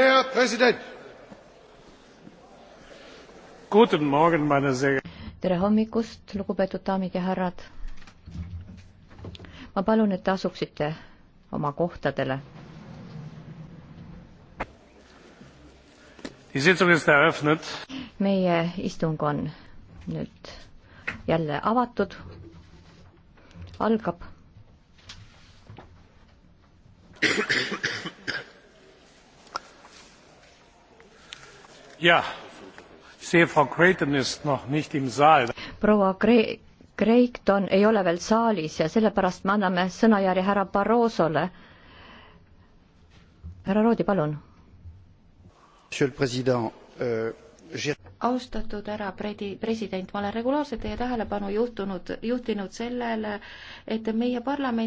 herr präsident! tere hommikust lugupeetud daamid ja härrad! ma palun et te asuksite oma kohtadele. meie istung on nüüd jälle avatud algab proua Kre-, Kreekton ei ole veel saalis ja sellepärast me anname sõnajärje härra Barrosole. härra Roodi, palun. Euh, austatud härra predi-, president, ma olen regulaarselt teie tähelepanu juhtunud, juhtinud sellele, et meie parlament